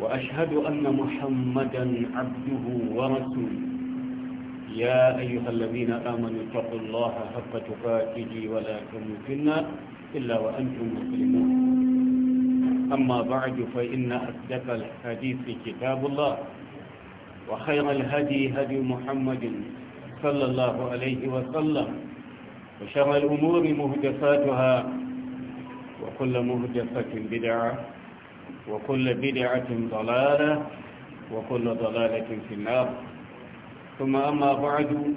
وأشهد أن محمدا عبده ورسوله يا أيها الذين آمنوا اتقوا الله حق تقاته ولا تموتن إلا وأنتم مسلمون أما بعد فإن أصدق الحديث كتاب الله وخير الهدي هدي محمد صلى الله عليه وسلم وشر الأمور مهدفاتها وكل مهدفة بدعة وكل بدعة ضلالة وكل ضلالة في النار ثم أما بعد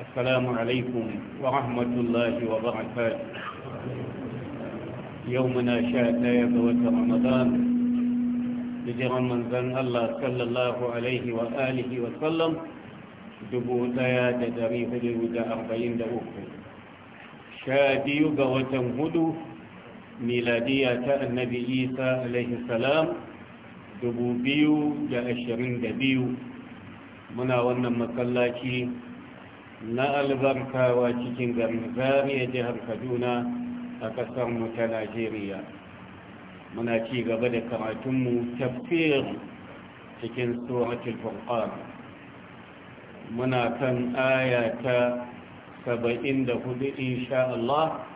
السلام عليكم ورحمة الله وبركاته يومنا شاهد يبوة رمضان لجرى من ذن الله صلى الله عليه وآله وسلم دبو يا دريه لودا أربعين دقوق شادي يبوة هدو miladiya ta annabi isa alaihi salam biyu. muna wannan masallaci na albarkawa cikin garin zariya jihar kaduna a kasar mu ta najeriya muna ci gaba da karatunmu tafsir cikin suratul furqan muna kan aya ta 74 insha Allah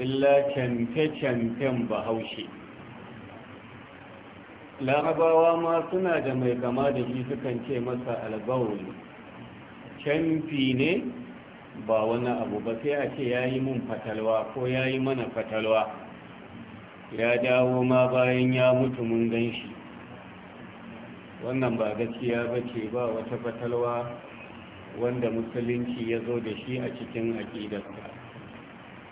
illa canfe-canfen bahaushe larabawa ma suna da mai kama da shi sukan ce masa albawul canfi ne ba wani abu ba sai a ce ya yi mun fatalwa ko ya yi mana fatalwa ya dawo ma bayan ya mutu mun gan shi wannan ba gaskiya ba ce ba wata fatalwa wanda musulunci ya zo da shi a cikin aƙidarsa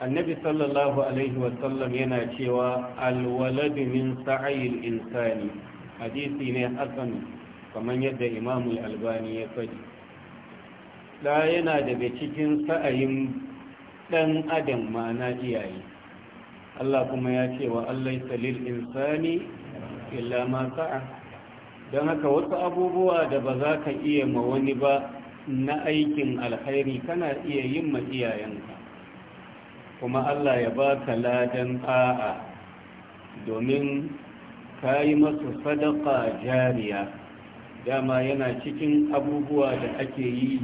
annabi sallallahu alaihi wasallam yana cewa alwaladu min sa'ayil insani hadisi ne hasan kamar yadda imamul albani ya faɗi da yana daga cikin sa'ayin ɗan adam mana iyaye Allah kuma ya ce wa Allah salil insani illa ma sa'a don haka wasu abubuwa da ba za ka iya ma wani ba na aikin alkhairi kana iya yin ma iyayenka kuma Allah ya ba baka ladan a'a domin ka yi masa sadaka jariya dama yana cikin abubuwa da ake yi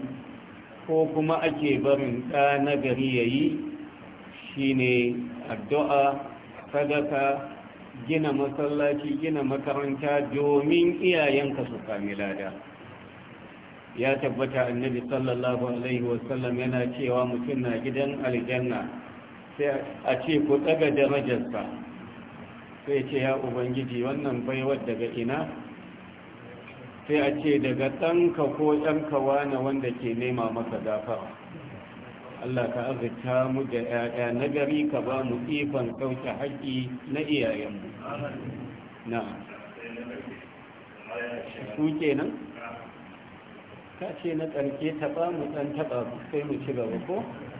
ko kuma ake barin ɗa na gari ya yi shi shine addu'a sadaka gina masallaci gina makaranta domin iyayenka su sami lada ya tabbata annabi sallallahu alaihi wasallam yana cewa mutum na gidan aljanna sai a ce ku tsaga darajarsa sai ce ya ubangiji wannan baiwar daga ina sai a ce daga ɗanka ko ɗanka wane wanda ke nema maka gafawa. Allah ka arzika mu da ‘ya'ya na gari ka ba mu ifan sauke haƙi na iyayenmu na su kenan ka ce na ƙarke taɓa mu ɗan taɓa sai mu ci gaba ko?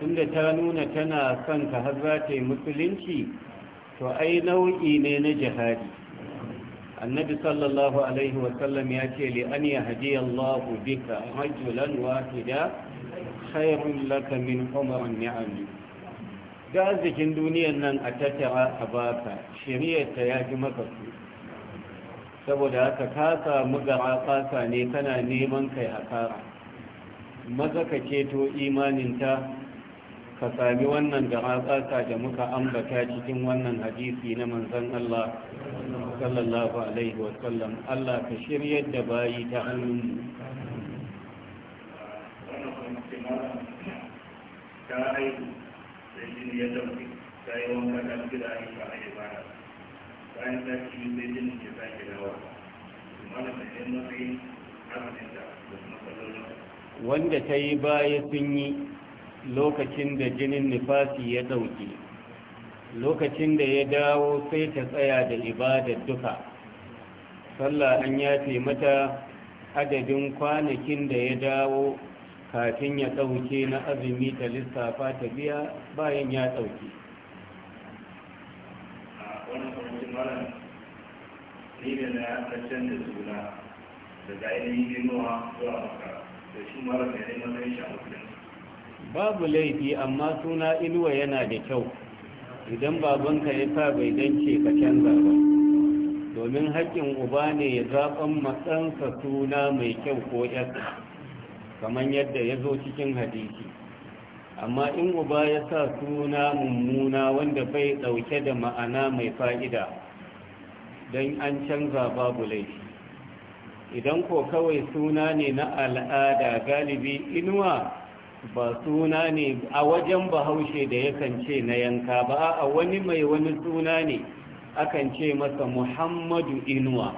tunda ta nuna tana son ka har za ta yi musulunci to ai nau'i ne na jihadi annabi sallallahu alaihi wasallam ya ce li an ya hadiya Allahu bika rajulan wahida khairun laka min umarin ni'ami gazikin duniyan nan a tattara a baka shiriyarta ya ji maka su saboda haka ka samu gara ne kana neman kai hasara maza ka ceto imaninta ka sami wannan da matsaka da muka ambata cikin wannan hadisi na manzan Allah sallallahu alaihi wasallam Allah ka shirya da bayi ta hannun wanda ta yi baya sun yi lokacin da jinin nifasi ya ɗauki lokacin da ya dawo sai ta tsaya da ibada duka sallah an ya mata adadin kwanakin da ya dawo kafin ya ɗauke na azumi ta lissafa ta biya bayan ya ɗauke da suna zuwa maka da shi mara mai neman babu laifi amma suna inuwa yana da kyau idan babanka ya sa bai dance ka canza ba domin haƙƙin uba ne ya zaɓan matsansa suna mai kyau ko yadda kamar yadda ya zo cikin hadisi amma in uba ya sa suna mummuna wanda bai ɗauke da ma'ana mai fa'ida don an canza babu laifi idan ko kawai suna ne na al'ada galibi inuwa ba suna ne a wajen bahaushe da yakan ce na yanka ba a wani mai wani suna ne akan ce masa muhammadu inuwa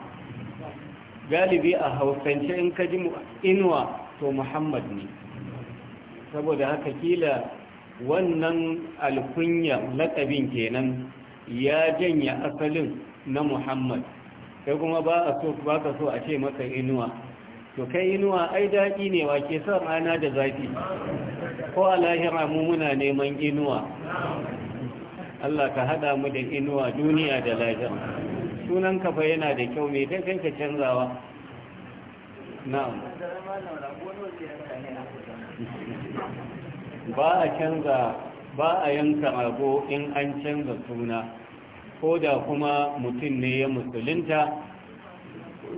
galibi a hausance in ka ji inuwa to muhammad ne saboda haka kila wannan alkunya lakabin kenan ya janya asalin na muhammad sai kuma ba so ka so a ce masa inuwa to kai inuwa ai daɗi ne wa ke son rana da zafi ko a lahira mu muna neman inuwa Allah ka haɗa mu da inuwa duniya da lahira sunan kafa yana da kyau mai ta kanka canzawa ba a canza ba a yanka rago in an canza suna ko da kuma mutum ne ya musulunta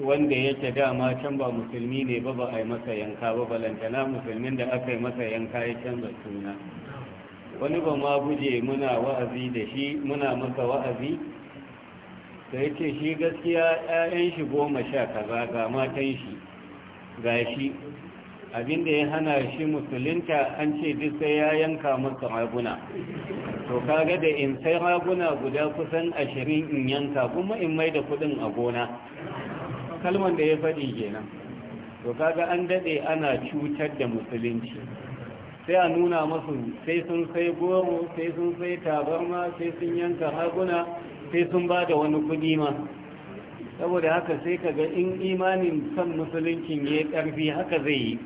wanda yake dama can ba musulmi ne ba ba a yi masa yanka ba balantana musulmin da aka yi masa yanka ya canza suna wani ba ma guje muna wa'azi da shi muna masa wa'azi sai ce shi gaskiya 'ya'yan shi goma sha kaza ga matan shi ga shi abinda ya hana shi musulunta an ce duk sai ya yanka masa raguna to kaga da in sai raguna guda kusan ashirin in yanka kuma in mai da kudin a gona kalman da ya faɗi kenan to kaga an daɗe ana cutar da musulunci sai a nuna masu sai sun sai goro sai sun sai tabarma sai sun yanka haguna sai sun ba da wani kudi ma saboda haka sai kaga in imanin san musuluncin ya karfi haka zai yi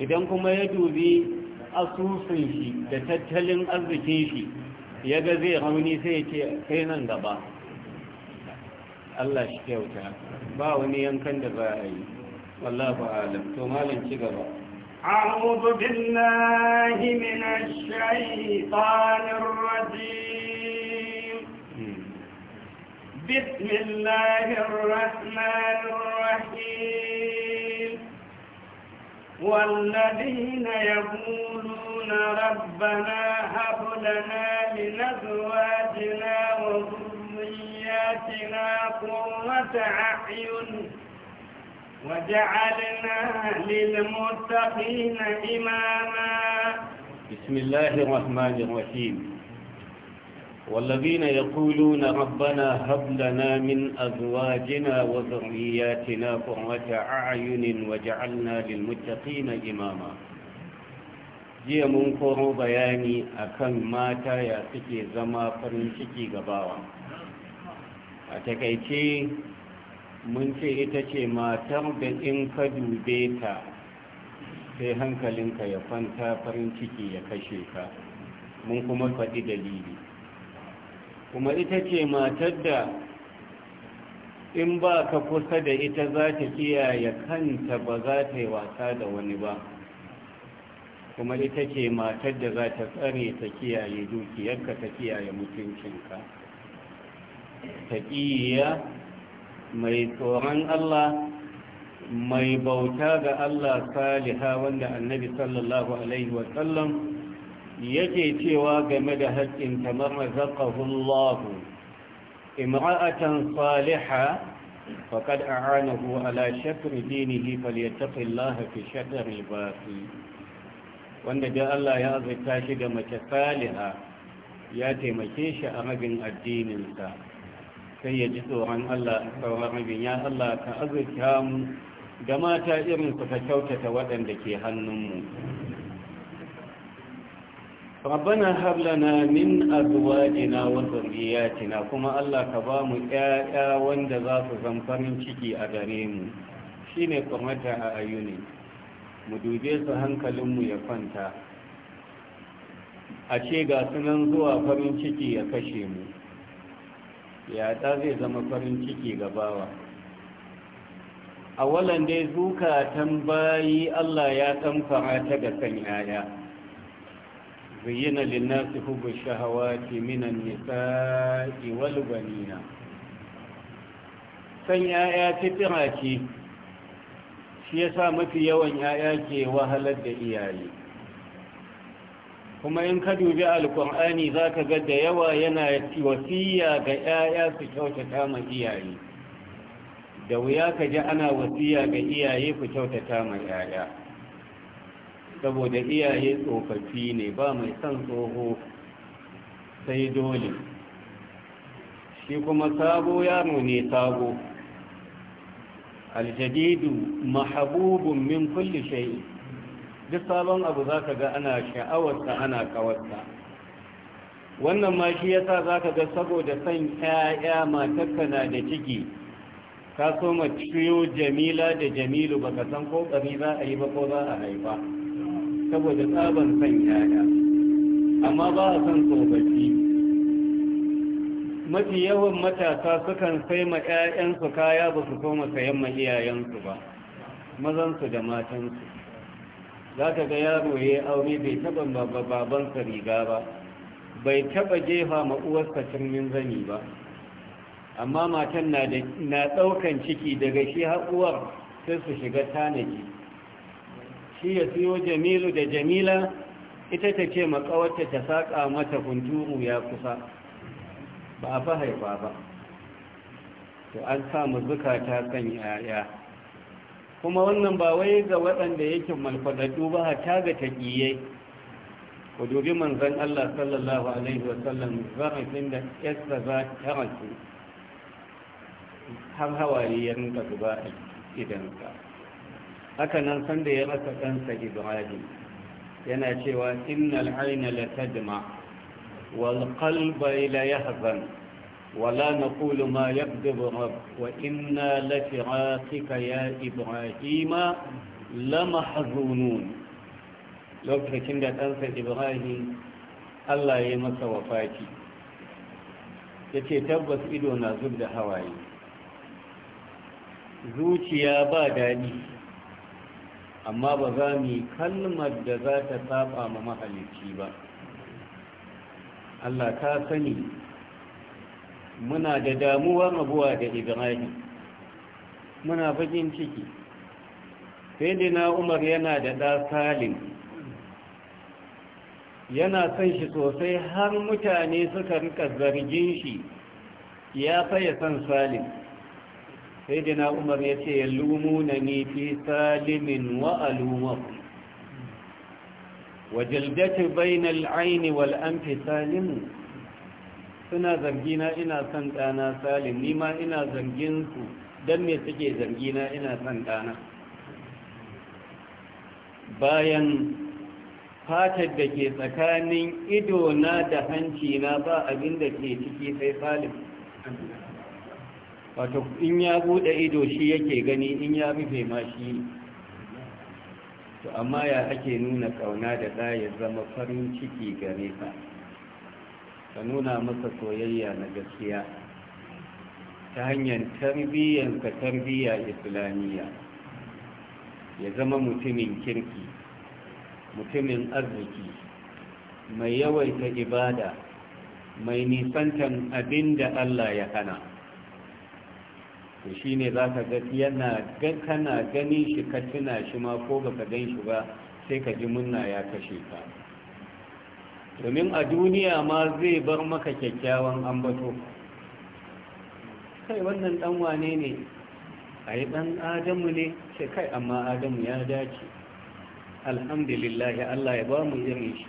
idan kuma ya dubi asusun shi da tattalin arzikin shi ya ga zai rauni sai ya ce kai nan gaba الله shi kyauta ba wani yankan da والله a yi wallahu alam to أعوذ بالله من الشيطان الرجيم بسم الله الرحمن الرحيم والذين يقولون ربنا هب لنا من أزواجنا وذريتنا وذرياتنا قرة أعين وجعلنا للمتقين إماما بسم الله الرحمن الرحيم والذين يقولون ربنا هب لنا من أزواجنا وذرياتنا قرة أعين وجعلنا للمتقين إماما jiya mun koro bayani akan mata ya suke zama farin ciki gabawa a takaice mun ce ita ce matar da in ka dube ta sai hankalinka ya kwanta farin ciki ya kashe ka mun kuma faɗi dalili kuma ita ce matar da in ba ka kusa da ita za ta kiyaye kanta ba za ta yi wasa da wani ba kuma ita ce matar da za ta tsare ta kiyaye dukiyarka ta kiyaye mutuncinka taƙiyya mai tsoron Allah mai bauta ga Allah saliha wanda annabi sallallahu alaihi wasallam yake cewa game da haƙƙin kamar razaqahullahu imra'atan saliha فقد aanahu على شكر دينه فليتق الله في شكر wanda da Allah ya azurta shi da mace saliha ya taimake shi a rabin addininsa Kai ya ji tsoron Allah sauran rabin ya Allah ka azurta mu da mata irin su ka kyautata waɗanda ke hannunmu rabbana harla na min azwajina wa dhurriyyatina kuma Allah ka ba mu ƴaƴa wanda za su zamfarin farin ciki a gare mu shine kwamata a ayyuni mu dube su mu ya kwanta a ce ga sunan zuwa farin ciki ya kashe mu yaɗa zai zama farin ciki ga bawa a dai zuka tambayi Allah ya tamfara ta ga kan yaya zayyana linnasi hubu shahawati minan nisa'i wal banina kan yaya fitira ce shi yasa mafi yawan yaya ke wahalar da iyaye kuma in ka dubi alkur'ani za ka ga da yawa yana wasiya ga 'ya'ya su kyautata ma iyaye da wuya ka ji ana wasiya ga iyaye ku kyautata ma 'ya'ya saboda iyaye tsofaffi ne ba mai son tsoho sai dole shi kuma sabo yaro ne sabo aljadidu mahabubun min kulli shay'in duk sabon abu za ka ga ana sha'awarsa ana kawarsa wannan ma shi yasa za ka ga saboda son 'ya'ya matarka na da ciki ka so ciyo jamila da jamilu ba ka san kokari za a yi ba ko za a haifa saboda sabon son 'ya'ya amma ba a son tsofaffi mafi yawan matasa sukan sai ma 'ya'yansu kaya ba su koma sayan ma iyayensu ba mazansu da matansu za ka ga yaro ya yi aure bai taba babansa riga ba bai taba jefa ma uwarsa turmin zani ba amma matan na ɗaukan ciki daga shi haƙuwar sai su shiga tanaki. shi ya siyo jamilu da jamila ita ta ce makawarta ta saƙa mata hunturu ya kusa ba a fa haifa ba to an samu zukata kan yaya kuma wannan ba wai ga waɗanda yake malfadaddu ba hata ga taƙiye ku dubi manzan Allah sallallahu alaihi wasallam zarafin da ƙyasta za ta rasu har hawaye ya rinka zuba a idansa haka nan sanda ya rasa ɗansa ibrahim yana cewa innal aina la tadma wal qalba la yahzan ولا نقول ما يكذب رب وإنا لفراقك يا إبراهيم لمحزونون لو كنت أنسى إبراهيم الله يمس وفاتي yace tabbas ido na zub da hawaye zuciya ba daɗi amma ba za mu yi kalmar da za ta saba ma mahalicci ba Allah ka sani muna da damuwa rabuwa da ibrahim muna bakin ciki sai na umar yana da ɗa salim yana son shi sosai har mutane suka rika zargin shi ya faye son salim sai na umar ya ce ya lumuna ne fi salimin wa'alumar wajaldatu bainal aini wal'amfi salimu suna zargina ina son ɗana salim ni ina zargin su don me suke zargina ina son ɗana bayan fatar da ke tsakanin ido na da hanci na ba abin da ke ciki sai salim wato in ya buɗe ido shi yake gani in ya rufe ma shi to amma ya ake nuna ƙauna da ɗaya zama farin ciki gare ka ka nuna masa soyayya na gaskiya ta hanyar tarbiyyanka tarbiyya islamiyya ya zama mutumin kirki mutumin arziki mai yawaita ibada mai nisantan abin da Allah ya hana ko shi ne za ka ga yana kana ganin shi ka tuna shi ma ko baka gan shi ba sai ka ji munna ya kashe ka domin a duniya ma zai bar maka kyakkyawan ambato kai wannan dan wane ne a yi dan adamu ne ce kai amma adamu ya dace alhamdulillah allah ya ba mu irin shi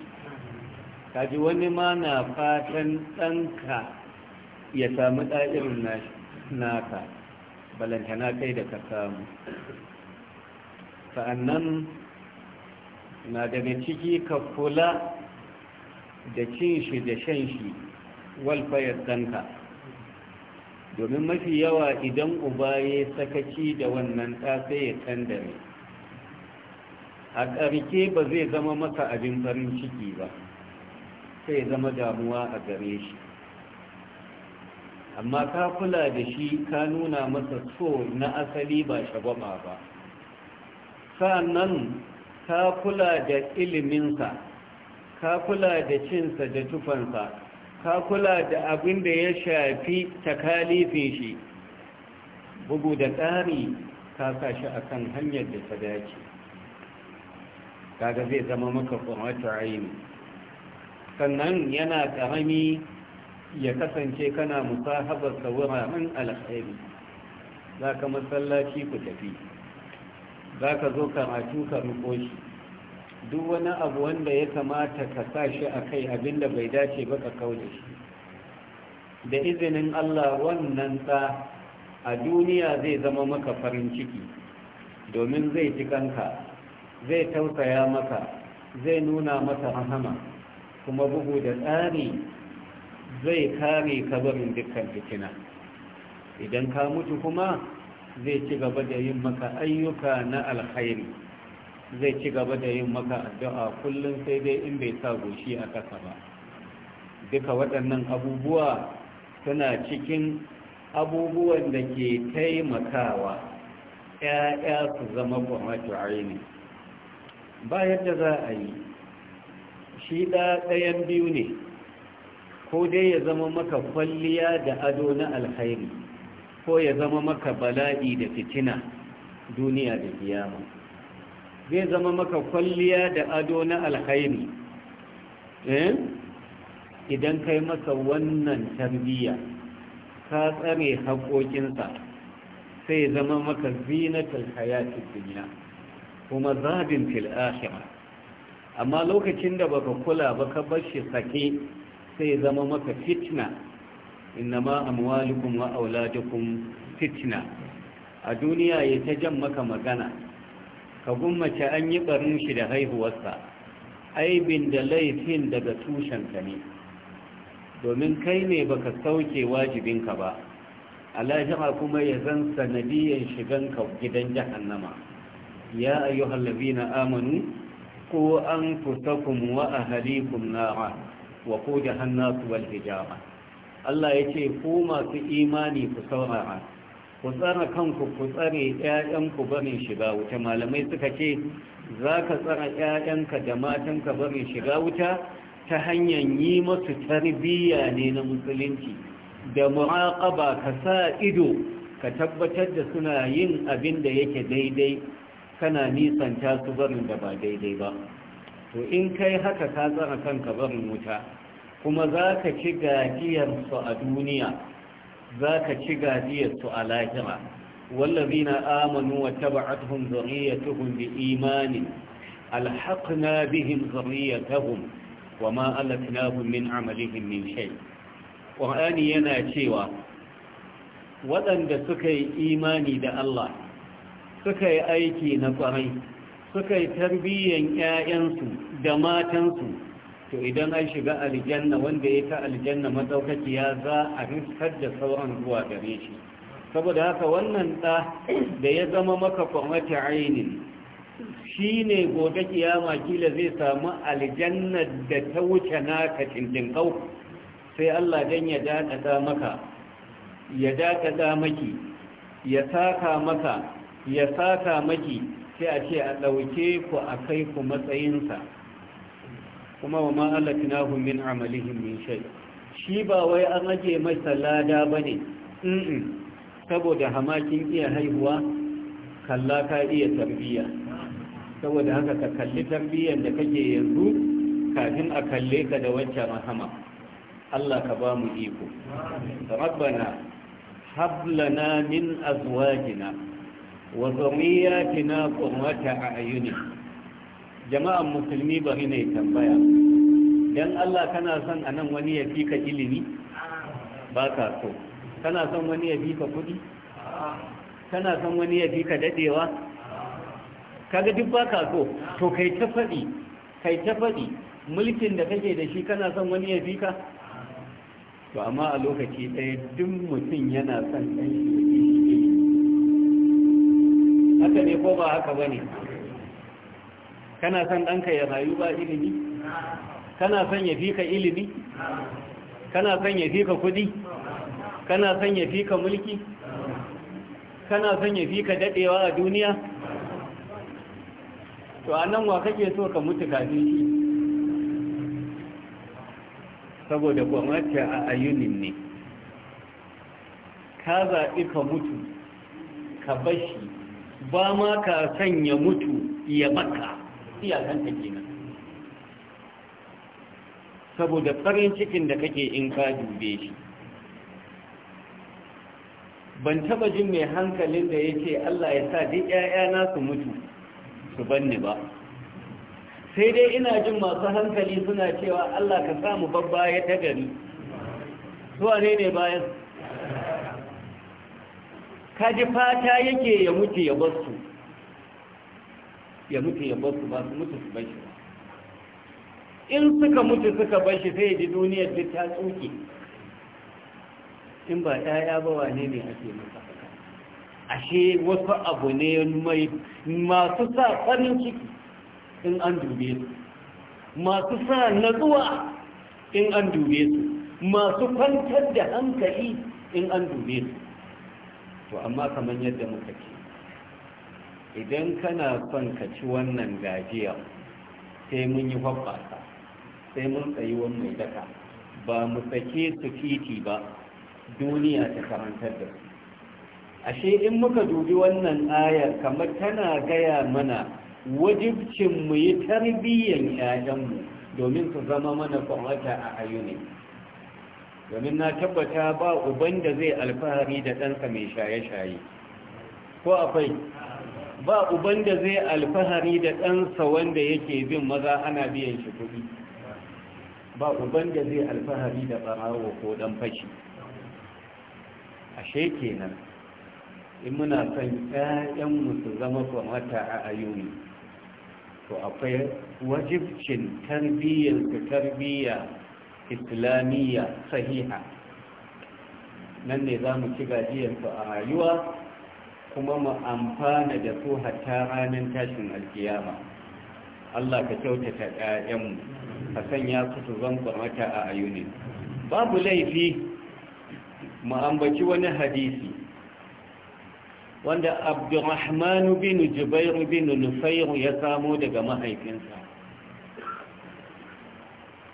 kaji wani ma na fatan ɗanka ya samu ɗa'irin naka balanta na kai da ka samu sa'annan na daga ciki ka kula da cin shi da shan shi walfayar ɗanka domin mafi yawa idan uba ya sakaci da wannan ɗa sai ya tandare a ƙarke ba zai zama masa abin farin ciki ba sai zama damuwa a gare shi amma ka kula da shi ka nuna masa so na asali ba shagwaba ba sa'annan ka kula da iliminsa ka kula da cinsa da tufansa ka kula da abin da ya shafi takalifin shi bugu da tsari ka sa a kan hanyar da ta dace kaga zai zama maka kwamata aini sannan yana ƙarami ya kasance kana musahabar sa wuraren alkhairi za ka masallaci ku tafi za ka zo karatu ka riko shi duk wani abu wanda ya kamata ka sa shi a kai abin da bai dace ba ka kauce shi da izinin Allah wannan tsa a duniya zai zama maka farin ciki domin zai ci kanka zai tausaya maka zai nuna maka rahama kuma bugu da tsari zai kare kabarin dukkan fitina idan ka mutu kuma zai ci gaba da yin maka ayyuka na alkhairi zai ci gaba da yin maka addu'a kullum sai dai in bai sa goshi a ƙasa ba duka waɗannan abubuwa suna cikin abubuwan da ke taimakawa ‘ya'ya su zama kwamatu aini ba yadda za a yi shi ɗayan biyu ne ko dai ya zama maka kwalliya da ado na alkhairi ko ya zama maka bala'i da fitina duniya da kiyama zai zama maka kwalliya da ado na alkhairi eh? idan kai masa wannan tarbiyya ka tsare haƙoƙinsa sai zama maka zinatar hayati duniya kuma zabin filashira amma lokacin da baka kula baka bashi shi sake sai zama maka fitna innama amwalukum wa auladukum fitna a duniya ya ta jan maka magana ka gummace an yi barin shi da haihuwarsa aibin da laifin daga tushenka ne domin kai ne baka sauke wajibinka ba alajima kuma ya zan sanadiyan shiganka gidan jahannama ya ayyuhal ladina amanu ku anfusakum wa ahlikum nara wa qudha an-nas wal hijara Allah yace ku masu imani ku saurara ku tsara kanku ku tsare 'ya'yanku barin shiga wuta malamai suka ce za ka tsara 'ya'yanka da matanka barin shiga wuta ta hanyar yi masu tarbiyya ne na musulunci da muraƙaba ka sa ido ka tabbatar da suna yin abin da yake daidai kana nisanta su barin da ba daidai ba to in kai haka ka tsara kanka barin wuta kuma za ka ci gajiyarsu a duniya za ka ci gajiyarsu a lahira wallazi na amonu wa taba atuhun zariya tuhun bi imani alhaƙina bihin zariya tuhun wa ma'alatina min amalihin min shai ƙwa'ani yana cewa waɗanda suka imani da Allah suka aiki na ƙwarai suka yi tarbiyyar 'ya'yansu da matansu to idan an shiga aljanna wanda ya ta aljanna ya za a riskar da sauran zuwa gare shi saboda haka wannan da da ya zama maka kwamata ainin shi ne gobe kiyama kila zai samu aljanna da ta wuce naka kau sai Allah dan ya dakata maka ya dakata maki ya saka maka ya saka maki sai a ce a ɗauke ku a kai ku matsayinsa kuma wa ma'alatinahun min amalihim min shai shi ba wai an ajiye masa lada ba ne saboda hamakin iya haihuwa kalla ka iya tarbiyya saboda haka ka kalli tarbiyyar da kake yanzu kafin a kalle ka da wancan rahama Allah ka ba mu iko rabbana hablana min azwajina wa dhurriyyatina qurrata a'yunin jama'an musulmi ba ne tambaya don Allah kana son a nan wani ya fi ka ilimi ba ka so kana son wani ya fi ka kudi kana son wani ya fi ka dadewa kaga duk ba ka so to kai ta faɗi kai ta faɗi mulkin da kake da shi kana son wani ya fi ka to amma a lokaci ɗaya duk mutum yana son ɗan shi haka ne ko ba haka ba ne kana son ɗanka ya rayu ba ilimi kana son ya fi ka ilimi kana son ya fi ka kudi kana son ya fi ka mulki kana son ya fi ka daɗewa a duniya to a nan wa kake so ka mutu kafin shi saboda gwamnati a ayunin ne ka zaɓi ka mutu ka bashi ba ma ka sanya mutu ya maka iyakanta kenan saboda farin cikin da kake in ka dube shi ban taba jin mai hankalin da yake Allah ya sa duk ƴaƴana su mutu su banne ba sai dai ina jin masu hankali suna cewa Allah ka samu babba ya ta gari zuwa ne ne bayan ka ji fata yake ya mutu ya su ya mutu ya bar su ba su mutu su bar shi in suka mutu suka bar shi sai ji duniyar duk ta tsoke in ba ɗaya ba wane ne ake masa ashe wasu abu ne mai masu sa farin ciki in an dube su masu sa natsuwa in an dube su masu kwantar da hankali in an dube su to amma kamar yadda muka ce idan kana son ka ci wannan gajiyar, sai mun yi hoɓɓasa sai mun tsayi mai daka ba mu sake su titi ba duniya ta karantar da su ashe in muka dubi wannan ayar kamar tana gaya mana wajibcin mu yi tarbiyyan 'ya'yanmu domin su zama mana kwamata a ayyuni domin na tabbata ba uban da zai alfahari da ɗansa mai shaye-shaye ko akwai ba uban da zai alfahari da ɗansa wanda yake bin maza ana biyan shi kuɗi ba uban da zai alfahari da ɓarawo ko ɗan fashi ashe nan, in muna son ƴaƴanmu su zama kwamata a ayyuni to akwai wajibcin tarbiyyarsu tarbiyya islamiyya sahiha nan ne za mu ci gajiyarsu a rayuwa kuma mu amfana da su hatta ranar tashin alkiyama Allah ka kyautata ƴaƴanmu ka sanya su su zan kwamata a ayuni babu laifi mu ambaci wani hadisi wanda abdurrahman bin jubairu bin nufair ya samo daga mahaifinsa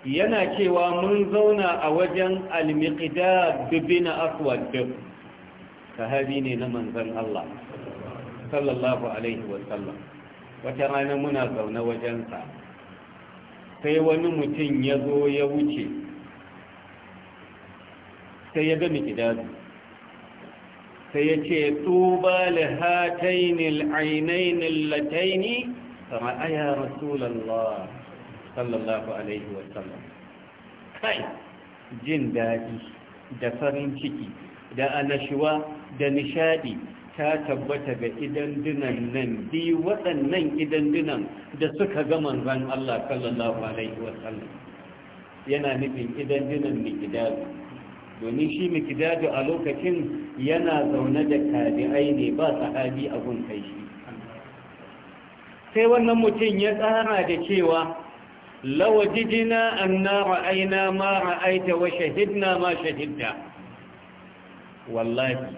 yana cewa mun zauna a wajen al dubina bin aswad sahabi ne na manzan Allah sallallahu alaihi wasallam wata rana muna zaune wajensa sai wani mutum ya zo ya wuce sai ya gami gidazu sai ya ce tuba li hatainil ainainil lataini kama aya rasulallah sallallahu alaihi wasallam kai jin daɗi da farin ciki da anashuwa da nishadi ta tabbata ga dinan nan biyu waɗannan dinan da suka ga manzan Allah sallallahu alaihi wasallam yana nufin dinan mikidadu domin shi mikidadu a lokacin yana zaune da tabi'ai ne ba sahabi abun kai shi sai wannan mutum ya tsara da cewa lawajidina anna ra'ayna ma ra'aita wa shahidna ma shahidta wallahi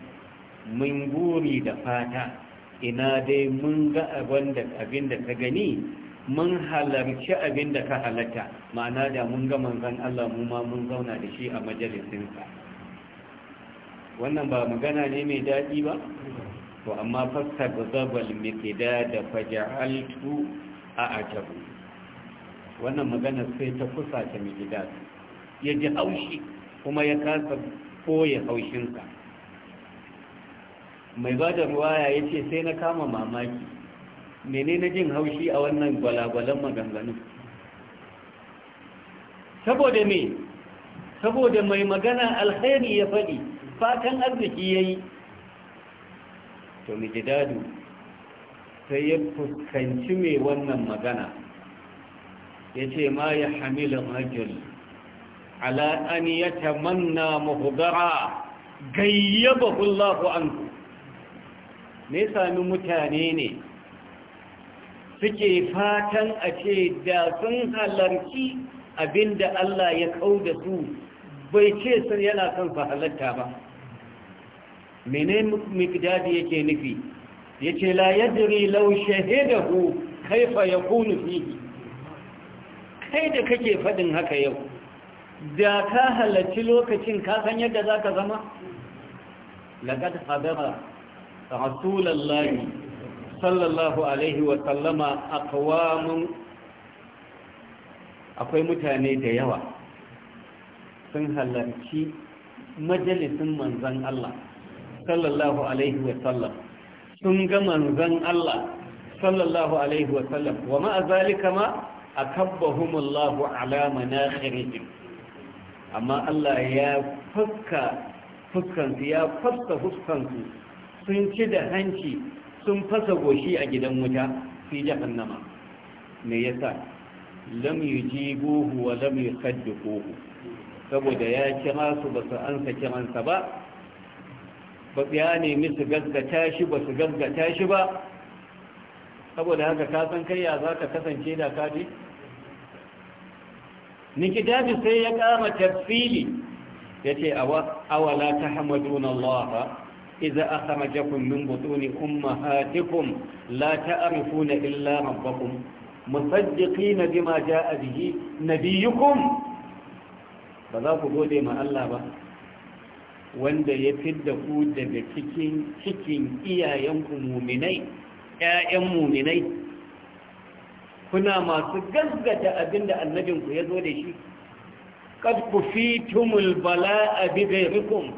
mun buri da fata ina dai mun ga abin da ka gani mun halarci abinda ka halarta, ma'ana da mun ga manzan Allah mu ma mun zauna da shi a majalisinsa wannan ba magana ne mai daɗi ba to amma fasta zabal mikida da faja'altu a ajabu wannan magana sai ta kusa ta mikida ya ji haushi kuma ya kasa ɓoye haushinsa mai ba da ruwaya ya ce sai na kama mamaki mene na jin haushi a wannan gwalagwalan maganganu saboda me saboda mai magana alkhairi ya faɗi fatan arziki ya yi to jidadu sai ya fuskanci mai wannan magana ya ce ma ya hamila rajul ala an ya tamanna mahudara gayyaba hullahu anku me sami mutane ne suke fatan a ce da sun halarci abinda Allah ya kau da su bai ce sun yana kan fahalarta ba mene mikdadi yake nufi yace la yadri law shahidahu kaifa yakunu fihi kai da kake fadin haka yau da ka halarci lokacin ka san yadda ka zama laqad hadara رسول الله صلى الله عليه وسلم akwai mutane da yawa sun halarci majalisun manzan Allah sallallahu alaihi wasallam sun ga manzan Allah sallallahu alaihi wasallam wa ma'a zalika ma akabbahumullahu ala manakhirihim amma Allah ya fuska fuskansu ya fasta fuskansu sun ci da hanci sun fasa goshi a gidan wuta fi jahannama me yasa lam yujibuhu wa lam yusaddiquhu saboda ya kira su ba su ansa kiransa ba ba ya nemi su gaggata shi ba su gaggata shi ba saboda haka ka san kai ya za ka kasance da kaji nikitabi sai ya kama tafsili ya ce awala ta hamadun allaha iza aka majakun min butuni umma hatikum la ta'rifu na illa rabbakum musaddiqin bima ja'a bihi nabiyukum ba za ku gode ma Allah ba wanda ya da ku daga cikin iyayenku iyayen 'ya'yan mu'minai ƴaƴan mu'minai kuna masu gaggata abinda annabin ku ya zo da shi qad Bala bala'a bi ghayrikum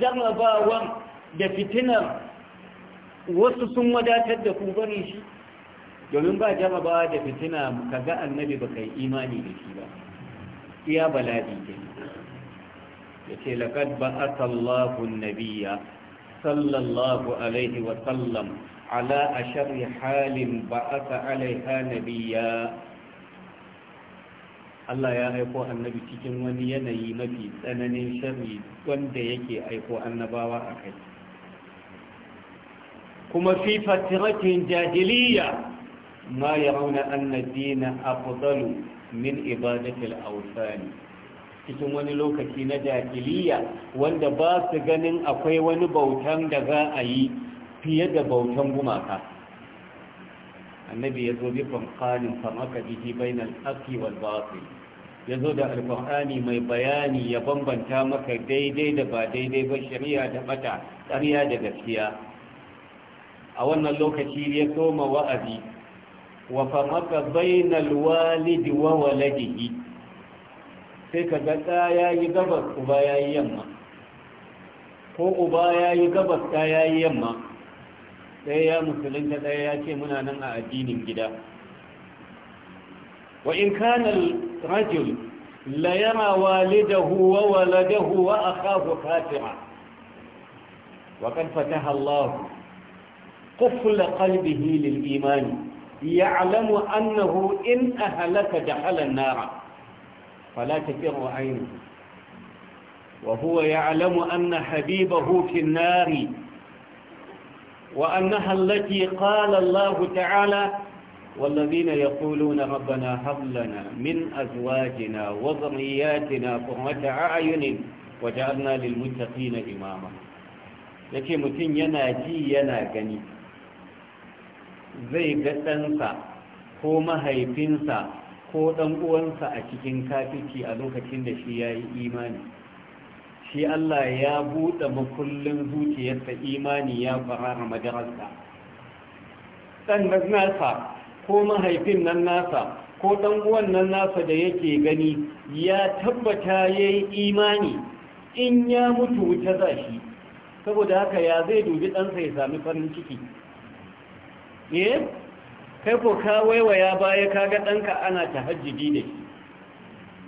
jama'a wa da fitinar wasu sun wadatar da ku bari shi domin ba jama'a da fitina ka ga annabi ba kai imani da shi ba iya bala'i ke ya ce laƙad ba a sallahun nabiya sallallahu alaihi wa sallam ala a shari halin ba a alaiha nabiya Allah ya aiko annabi cikin wani yanayi mafi tsananin shari wanda yake aiko annabawa a kai kuma fi fatiratin jahiliya ma yarawna anna dina afdalu min ibadatil awsani cikin wani lokaci na jahiliya wanda ba su ganin akwai wani bautan da za a yi fiye da bautan gumaka annabi ya zo bi kwamfanin famaka bihi bainal haqqi wal batil ya zo da alkur'ani mai bayani ya bambanta maka daidai da ba daidai ba shari'a da bata ƙarya da gaskiya a wannan lokaci ya soma wa'azi wa famaka bainal walidi wa waladihi sai ka ga ya yi gabas uba ya yi yamma ko uba ya yi gabas ta ya yi yamma ɗaya ya musulunta ɗaya ya ce muna nan a addinin gida wa in kana rajul la yara walidahu wa waladahu wa akhahu kafira wa qad fataha Allah قفل قلبه للإيمان يعلم أنه إن أهلك دخل النار فلا تفر عينه وهو يعلم أن حبيبه في النار وأنها التي قال الله تعالى والذين يقولون ربنا هب لنا من أزواجنا وضرياتنا قرة أعين وجعلنا للمتقين إماما لكي متن ينا ji ينا gani zai ga ɗansa ko mahaifinsa ko ɗan uwansa a cikin kafici a lokacin da shi ya yi imani shi Allah ya buɗe makullin zuciyarsa imani ya farara madararsa ɗan nasa ko mahaifin nan nasa ko ɗan uwan nan nasa da yake gani ya tabbata ya yi imani in ya mutu wuta za shi saboda haka ya zai dubi ɗansa ya sami farin ciki ne eh? kai ko ka waiwaya baya ka ga ɗanka ana ta tahajjudi ne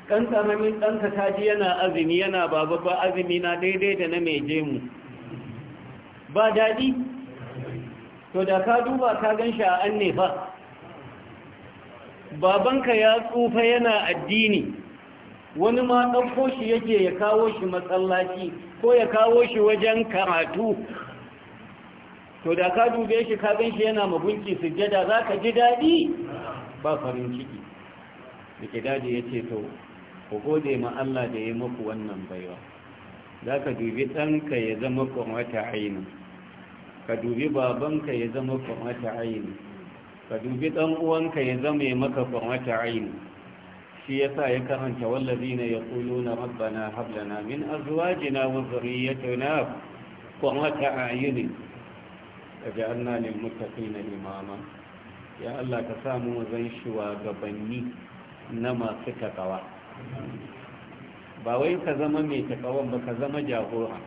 ɗan ƙaramin ɗanka ta ji yana azumi yana baba ba azumi na daidai da na mai jemu ba daɗi to da ka duba ka gan shi a ne fa babanka ya tsufa yana addini wani ma ɗauko shi yake ya kawo shi matsalaci ko ya kawo shi wajen karatu to da ka dube shi ka gan shi yana mabunci sujjada za ka ji daɗi ba farin ciki da ke daɗi ya ce to ku gode ma Allah da ya maku wannan baiwa za ka dubi ɗanka ya zama kwamata aini ka dubi babanka ya zama kwamata aini ka dubi ɗan uwanka ya zama ya maka kwamata aini shi ya sa ya karanta na ya kulu na rabbana hablana min ta wa zuriyatuna kwamata aini kaji annanin mutafi na imama ya Allah ka samu zan shiwa gabanni na masu takawa ba wai ka zama mai takawan ba ka zama jagora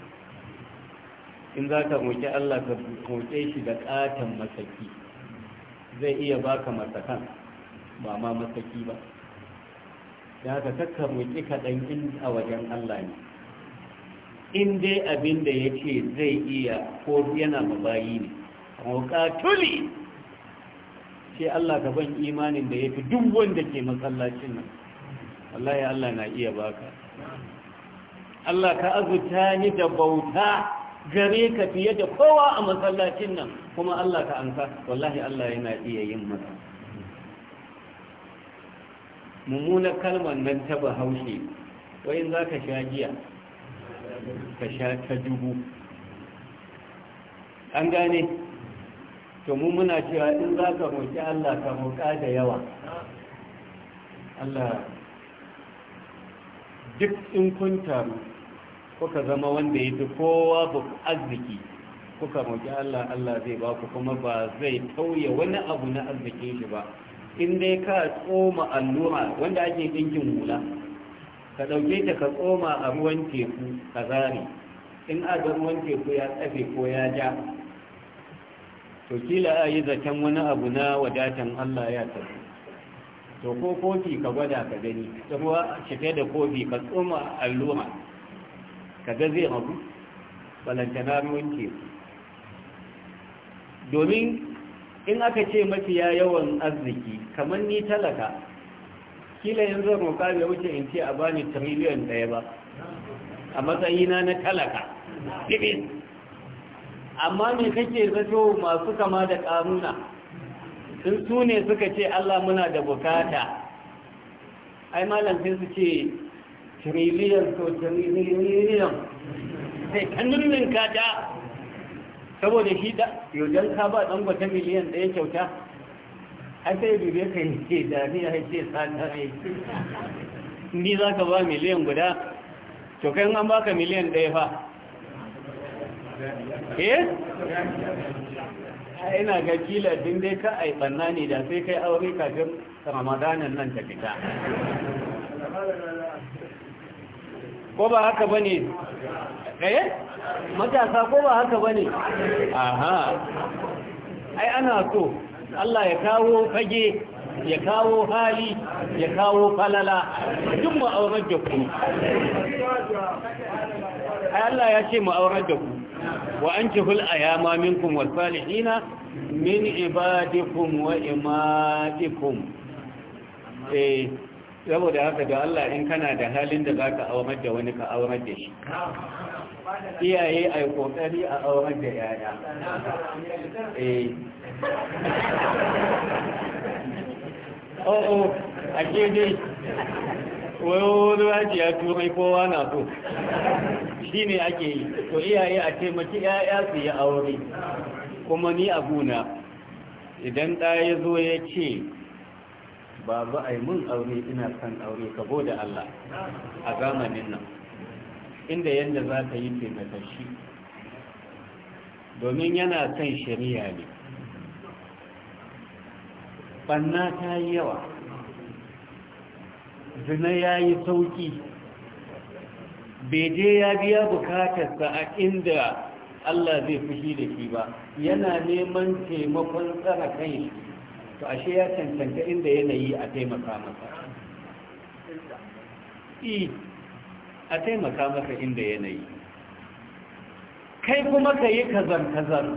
in za ka roƙi Allah ka roƙe da ƙaton masaki zai iya baka masakan ba ma masaki ba ya ka takka roƙi kaɗan in wajen Allah ne in dai abin da ya ce zai iya ko yana bayi ne tuli ce Allah ka ban imanin da ya fi duk wanda ke matsalacin nan wallahi Allah na iya baka Allah ka azuta ni da bauta gare ka fiye da kowa a matsalacin nan kuma Allah ka ansa wallahi Allah yana iya yin mata mummuna kalmar nan ta bahaushe wayin za ka sha giya ka sha ta dubu an gane to mu muna cewa in za ka roƙi Allah ka roƙa da yawa Allah duk in kun taru kuka zama wanda ya fi kowa ba arziki kuka roƙi Allah Allah zai ba ku kuma ba zai tauye wani abu na arzikin shi ba in dai ka tsoma allura wanda ake ɗinkin hula ka ɗauke ta ka tsoma a ruwan teku ka zare in a ruwan teku ya tsafe ko ya ja to kila a yi zaton wani abu na wadatan Allah ya tafi to ko kofi ka gwada ka gani ruwa cike da kofi ka tsoma alluha ka ga zai rabu balantana ruwan ke domin in aka ce mafiya yawan arziki kamar ni talaka kila yanzu roƙa da wuce in ce a bani tiriliyan ɗaya ba a matsayina na talaka amma me kake zato masu kama da ƙaruna sun su ne suka ce Allah muna da bukata ai malam sai su ce trillion to trillion sai kanunin kata saboda shi da yaudan ka ba ɗan gwata miliyan ɗaya kyauta ai sai dube ka yi ce dariya ya ce sanare ni za ka ba miliyan guda to kai an baka miliyan ɗaya fa eh ina ga kila din dai ka ai banna ne da sai kai aure kafin ramadanan nan ta fita ko ba haka bane eh matasa ko ba haka bane aha ai ana so Allah ya kawo fage ya kawo hali ya kawo falala duk auren da ku ai Allah ya ce auren da ku وأنكحوا الأيام منكم والصالحين من عبادكم وإمائكم eh saboda haka da Allah in kana da halin da zaka awamar da wani ka auren da shi iyaye ai kokari a auren da yaya eh oh oh ake dai wani waji ya turai kowa na so shi ne ake yi to iyaye a taimaki 'ya'ya su yi aure kuma ni a guna idan ɗaya zo ya ce za a yi mun aure ina son aure ka da Allah a zamanin nan inda yadda za ka yi shi domin yana son shari'a ne ɓanna ta yi yawa zina ya yi sauƙi beje ya biya bukatarsa a inda Allah zai fushi da shi ba yana neman taimakon tsara kai to ashe ya cancanta inda yanayi a taimaka masa i a taimaka masa inda yanayi kai kuma ka yi kazan-kazan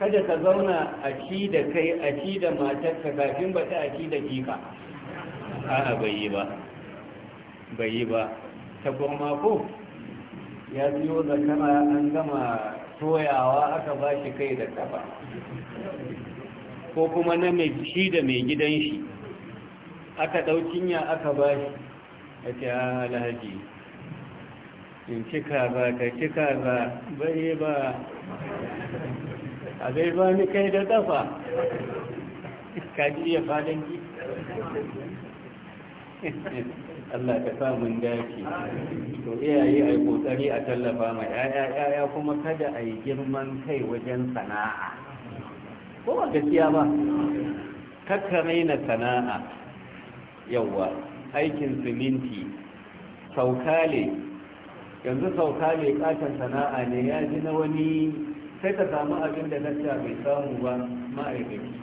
kada ka zauna a ci da kai a ci da matarka kafin ba ta a ci da kika a'a bai yi ba bai yi ba ta goma ko ya biyo zakara an gama soyawa aka ba shi kai da kafa ko kuma na mai shi da mai gidan shi aka ɗaukin ya aka ba shi a ce ah, alhaji in cika ba ka cika ba bai ba a zai ba ni kai da kafa kaji ya fadanki Allah ka sa mun dace to iyaye ai kokari a tallafa ma yaya yaya kuma kada a yi girman kai wajen sana'a ko ba gaskiya ba Kakkarai na sana'a yawa aikin siminti saukale yanzu saukale katon sana'a ne ya ji na wani sai ka samu abin da na bai samu ba ma'aikaci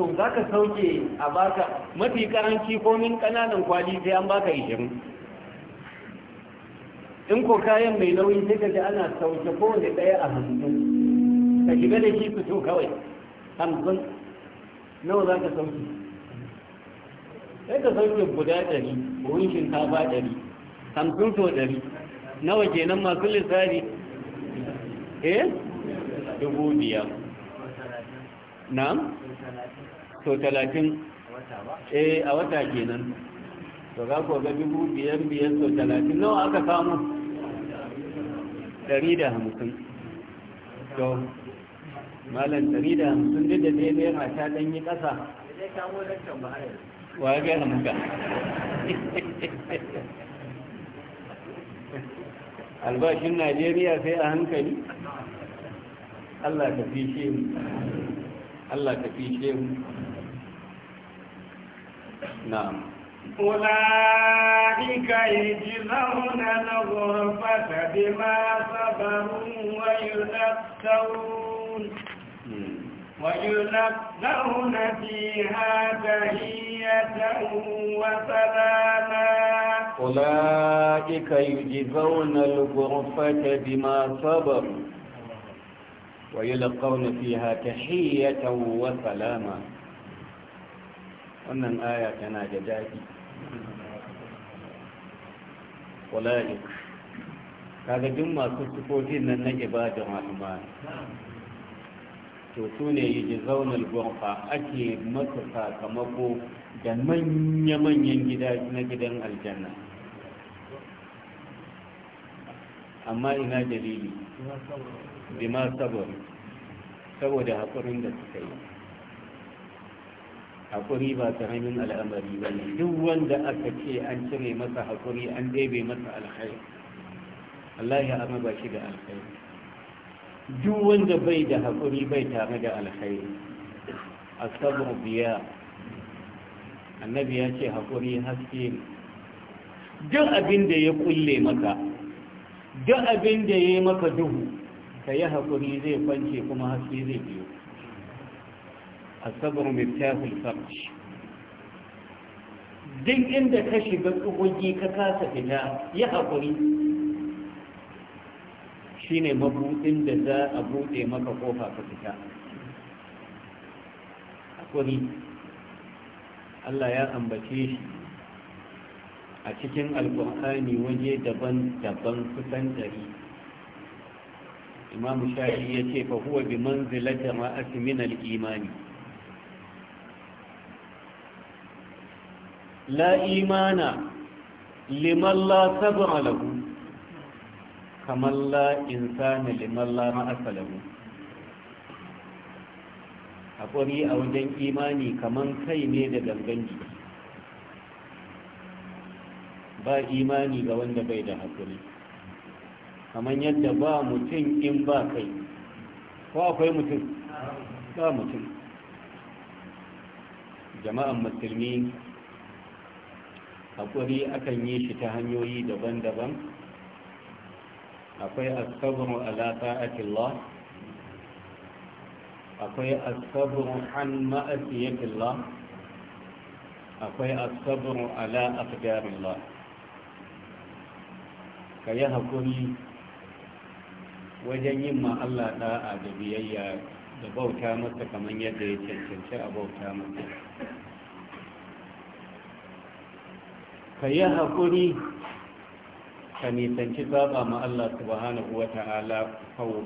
to za ka sauke a baka mafi karanci komin kananan kwali sai an baka ishirin in ko kayan mai nauyi sai ka ji ana sauke kowane ɗaya a hamsin ka shiga da shi fito kawai hamsin nawa za ka sauke sai ka sauke guda ɗari wurin shinkafa ɗari hamsin so ɗari nawa kenan masu lissafi eh dubu biyar na'am to talatin eh a wata kenan to za ko ga dubu biyar biyar to talatin nawa aka samu ɗari da hamsin to malam ɗari da hamsin duk da dai naira ta ɗan yi ƙasa wa ga hamka albashin najeriya sai a hankali allah ka fishe mu allah ka fishe mu نعم أولئك يجزون الغرفة بما صبروا ويلقون ويلقون فيها تهية وسلاما أولئك يجزون الغرفة بما صبروا ويلقون فيها تحية وسلاما wannan aya tana da daɗi wala'ik kaga masu sifofin nan na ibadar rahman to ne yi ji zaunar gurfa ake masa sakamako da manya-manyan gida na gidan aljanna amma ina dalili bima saboda haƙurin da suka yi hakuri ba ta ƙaramin al'amari ba ne duk wanda aka ce an cire masa hakuri an ɗebe masa alkhairi Allah ya amma ba shi da alkhairi duk wanda bai da hakuri bai tare da alkhairi sabon biya annabi ya ce hakuri haske duk abin da ya kulle maka duk abin da ya yi maka duhu ka yi haƙuri zai kwance kuma haske zai biyo asabar miftahul farj duk inda ka shiga tsugogi ka kasa fita haƙuri shine mabuɗin da za a buɗe maka ƙofa ka fita haƙuri Allah ya ambace shi a cikin alƙur'ani waje daban-daban kusan ɗari imamu shafi ya ce fa huwa bi manzilata ma'asi min al-imani la imana liman la sabra lahu kamar la insani liman la ra'asa lahu haƙuri a wajen imani kamar kai ne da gangan jiki ba imani ga wanda bai da haƙuri kamar yadda ba mutum in ba kai ko akwai mutum ba mutum jama'an musulmi haƙuri akan yi shi ta hanyoyi daban-daban akwai asabaru ala ta'atillah akwai asabaru an ma'asiyatillah akwai asabaru ala afdarillah ka yi haƙuri wajen yin ma'alla ɗa'a da biyayya da bauta masa kamar yadda ya cancanci a bauta masa ka yi haƙuri ka nisanci zaɓa ma Allah subhanahu wa ta'ala kawo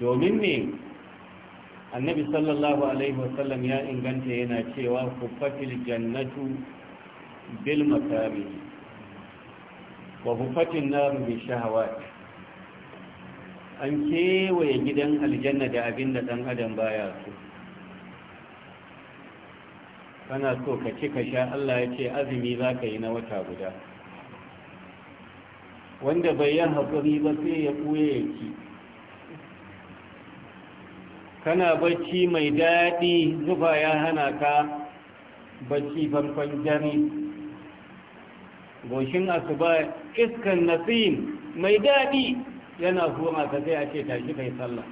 domin ne annabi sallallahu alaihi wasallam ya inganta yana cewa ku huffatil jannatu bil makami wa huffatin naru bi shahawat an kewaye gidan aljanna da abin da ɗan adam baya su. kana so ka ci ka sha Allah ya ce azumi za ka yi na wata guda wanda bai yi haƙuri ba sai ya ɓuye ya ci kana bacci mai daɗi zuba ya hana ka bacci farkon jari. goshin asuba iskan nasin mai daɗi yana hura ka sai a ce tashi kai sallah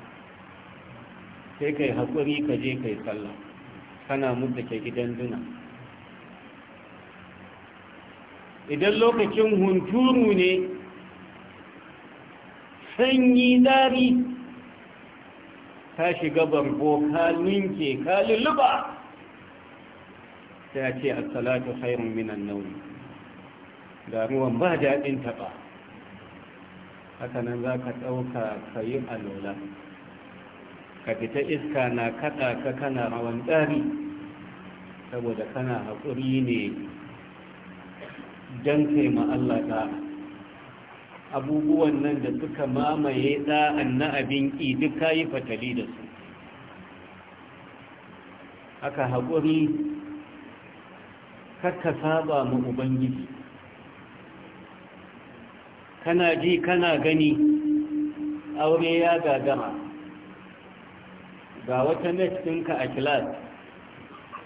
sai kai haƙuri ka je kai sallah kana ke gidan duna idan lokacin hunturu ne sanyi dari ta shiga barbo ka ninke ka ta ce a salatu hairun minan nauyi. damuwan ba daɗin taɓa haka za ka ɗauka ka yi alola ka fita iska na kada ka kana rawan tsari saboda kana haƙuri ne don kai Allah da abubuwan nan da suka mamaye ɗa'an na abin duk fatali da su aka haƙuri kakka saba ma ubangiji kana ji kana gani aure ya gagara ga wata net ɗinka a kilas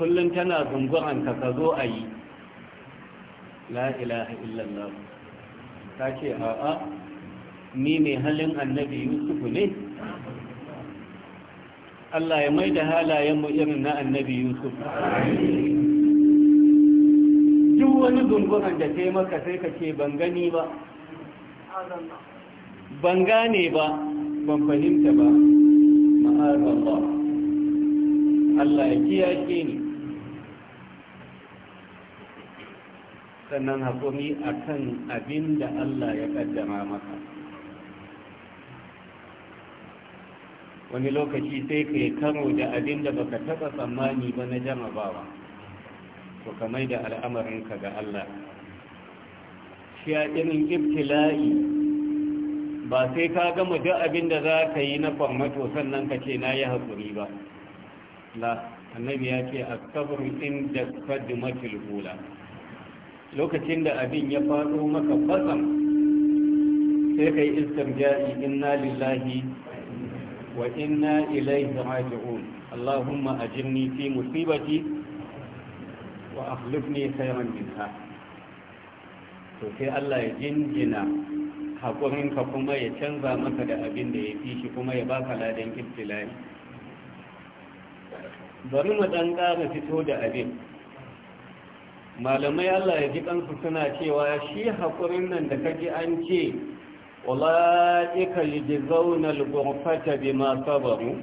kullum tana zunguranka ka zo a yi la ilaha illallah ta ce a'a ni ne halin annabi yusufu ne Allah ya mai da halayenmu irin na annabi yusuf duk wani zunguran da ta maka sai ka ce ban gani ba ban gane ba ban fahimta ba Allah ya sannan haƙuri a kan abin da Allah ya kaddama maka wani lokaci sai ka yi karo da abin da baka taɓa tsammani ba na jarabawa ko kamar da al'amarinka ga Allah shi a irin ibtila'i ba sai ka gama duk abin da za ka yi na kwammato sannan ka ce na yi haƙuri ba la annabi ya ce a sabrun inda fadi matil hula lokacin da abin ya faɗo maka fasam sai ka yi ja'i, inna lillahi wa inna ilaihi raji'un allahumma ajirni fi musibati wa akhlifni khayran minha to sai Allah ya jinjina haƙurinka kuma ya canza maka da abin da ya fi shi kuma ya baka ladan iftilai bari mu ɗan ƙara fito da abin malamai Allah ya ji kansu suna cewa shi haƙurin nan da kaji an ce wala'ika zaunar al-ghurfata bima sabaru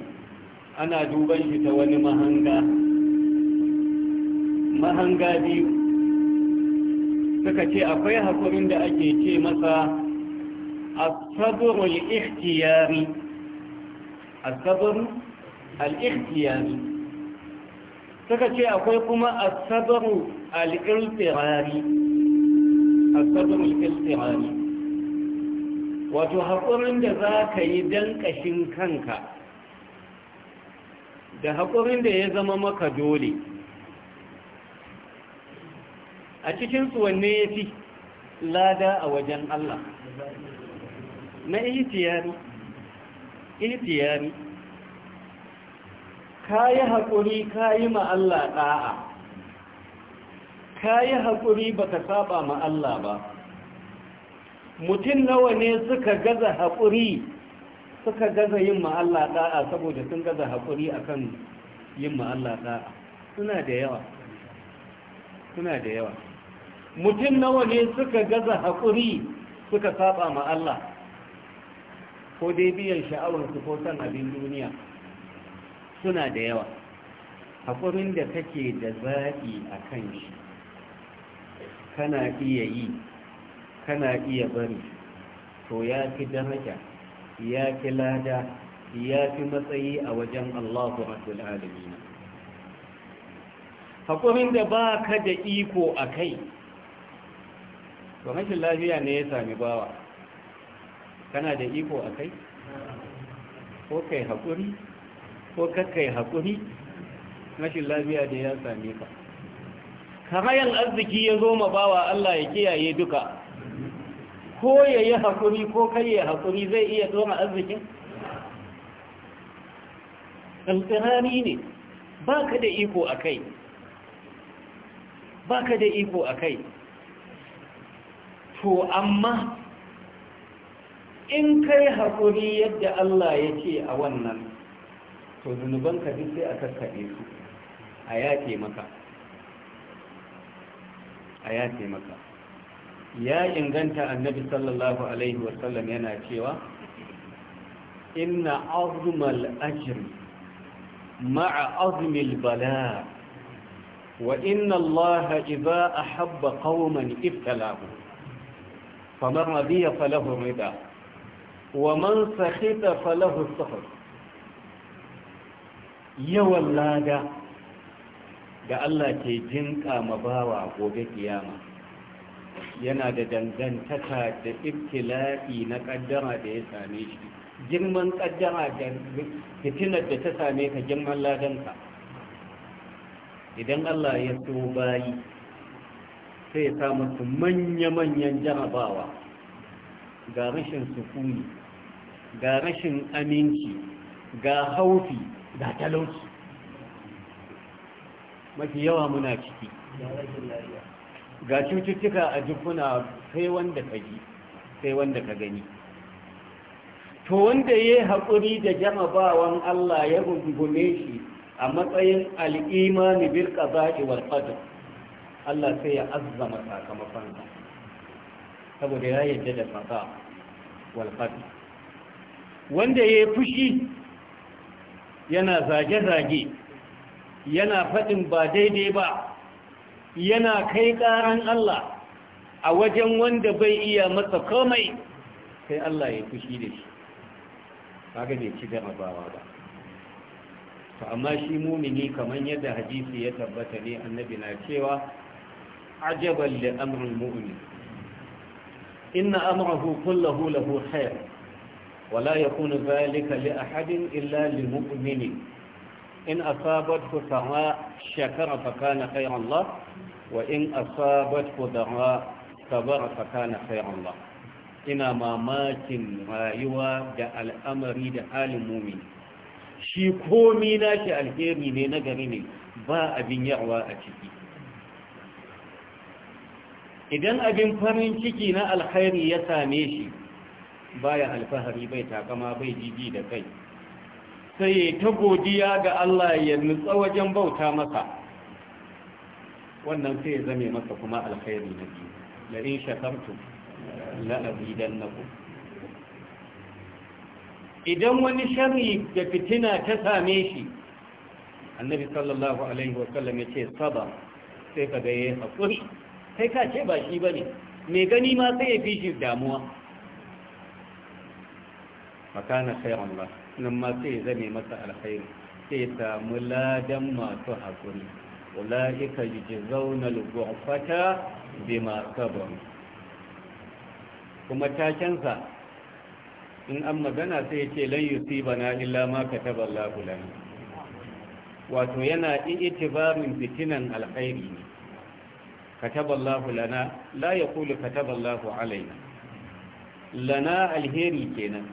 ana duban shi ta wani mahanga mahanga biyu suka ce akwai haƙurin da ake ce masa الصبر الاختياري الصبر الاختياري سكتي أقول كما الصبر الاضطراري الصبر الاضطراري wato haƙurin da za ka yi don ƙashin kanka da haƙurin da ya zama maka dole a cikinsu wanne ya fi lada a wajen Allah na ihtiyari ihtiyari kayi haƙuri kayi ma Allah ɗa'a kayi haƙuri baka saba ma Allah ba mutum nawa ne suka gaza haƙuri suka gaza yin ma Allah ɗa'a saboda sun gaza haƙuri akan yin ma Allah ɗa'a suna da yawa suna da yawa mutum nawa ne suka gaza haƙuri suka saba ma Allah ko dai biyan sha'awarsu ko son abin duniya suna da yawa haƙurin da kake da zaɓi a kan shi kana iya yi kana iya bari to ya fi daraja ya fi lada ya fi matsayi a wajen allahu rabbul alamin haƙurin da ba ka da iko a kai to rashin lafiya ne ya sami bawa kana da iko a kai ko kai haƙuri ko kakai haƙuri mashin lafiya da ya same ka yin arziki ya zo ma bawa Allah ya kiyaye duka ko ya yi haƙuri ko kai ya haƙuri zai iya zoma arzikin alƙirari ne ba ka da iko a kai ba ka da iko a kai to amma in kai haƙuri yadda Allah ya ce a wannan to zunubanka duk sai a kakkaɓe su a yace maka a yace maka ya inganta annabi sallallahu alaihi wasallam yana cewa inna azmal ajr ma'a azmil bala wa inna allaha idza ahabba qauman ibtalahu faman radiya falahu rida wa man فله falahu sahar yawan lada da Allah ke jinka bawa gobe kiyama yana da dangantaka da ibtila'i na kaddara da ya same shi girman kaddara da fitinar da ta same ka girman ladanka idan Allah ya so bayi sai ya sa musu manya-manyan jarabawa ga rashin sukuni ga rashin aminci ga haufi ga talauci mafi yawa muna ciki ga cututtuka a jikuna sai wanda ka ji sai wanda ka gani to wanda ya yi haƙuri da jamabawan Allah ya rungume shi a matsayin al'imani birka qada'i wal Allah sai ya azzama sakamakon saboda ya yarda da qada wal wanda ya fushi yana zage-zage yana faɗin ba daidai ba yana kai ƙaran Allah a wajen wanda bai iya masa komai sai Allah ya fushi da shi kaga bai ci bawa ba to amma shi mumini kamar yadda hadisi ya tabbata ne annabi na cewa ajaban li amrul mu'min inna amrahu kullahu lahu khair ولا يكون ذلك لأحد إلا لمؤمن إن أصابته سراء شكر فكان خيرا له وإن أصابته ضراء صبر فكان خيرا له ina mamakin rayuwa da al'amari da halin shi komi nashi alheri ne na gari ne ba abin yarwa a ciki idan abin farin ciki na alheri ya same shi baya alfahari bai takama bai jiji da kai sai ya ta godiya ga Allah ya nutsa wajen bauta masa wannan sai ya zame masa kuma alkhairi na biyu la in shakartu na azidannakum idan wani sharri da fitina ta same shi annabi sallallahu alaihi wasallam ya ce saba sai ka ga yayi hakuri kai ka ce ba shi ba ne. mai gani ma sai ya fi shi damuwa makana khairan ba nan ma sai ya zame masa alkhairi sai ya samu ladan masu hakuri ulaika yujzauna al-ghurfata bima sabaru kuma takensa in an magana sai ce lan bana illa ma kataba Allahu lana wato yana itibarin fitinan alkhairi ne kataba Allahu lana la yaqulu kataba Allahu alaina lana alheri kenan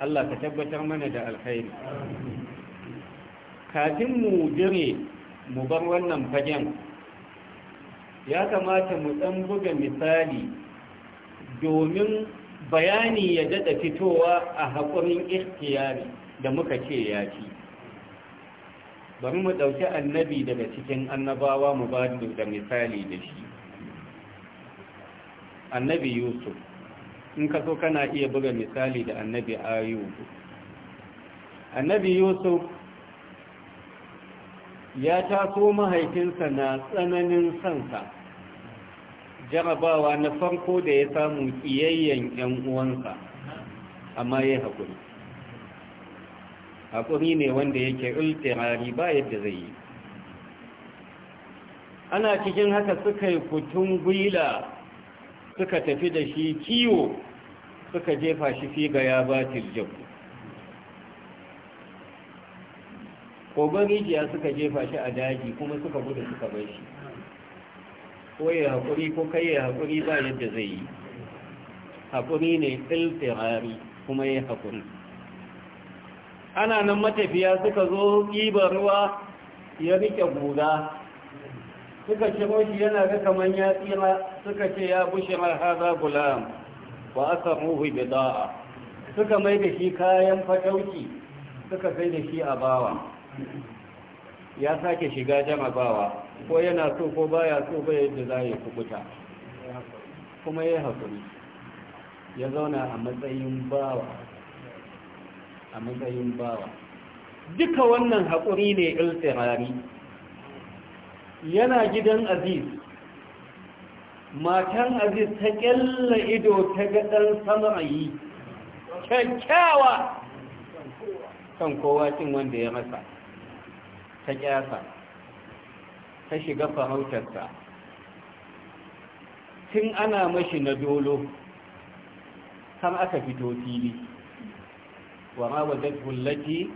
Allah ka tabbatar mana da alkhairi kafin mu jire mu bar wannan fagen ya kamata mu ɗan buga misali domin bayani ya daɗa fitowa a haƙurin ikhtiyari da muka ce ya ci bari mu ɗauki annabi daga cikin annabawa mu ba da misali da shi annabi yusuf in ka so kana iya buga misali da annabi ayub annabi yusuf ya taso mahaifinsa na tsananin sansa jarabawa na farko da ya samu ƙiyayyen 'yan uwansa amma ya haƙuri haƙuri ne wanda yake ultirari ba yadda zai yi ana cikin haka suka yi kutun gwila suka tafi da shi kiwo suka jefa shi fi ga ya batir jabu kogon rijiya suka jefa shi a daji kuma suka gudu suka bai shi ko ya haƙuri ko kai ya haƙuri ba yadda zai yi haƙuri ne tsirari kuma ya haƙuri ana nan matafiya suka zo ƙibar ruwa ya rike guda. suka ce shi yana ga kaman ya tsira suka ce ya bushira haza gulam wa aka ruhu bida'a suka mai da shi kayan fatauki suka kai da shi a bawa ya sake shiga bawa ko yana so ko baya so ba yadda za ya kubuta kuma ya haƙuri ya zauna a matsayin bawa a matsayin bawa duka wannan haƙuri ne iltirari yana gidan aziz matan aziz ta kyalla ido ta ga ɗan samayi kyakkyawa kan kowa cin wanda ya masa ta kyasa ta shiga farautarsa tun ana mashi na dolo har aka fito fili wa ma wajen hullaki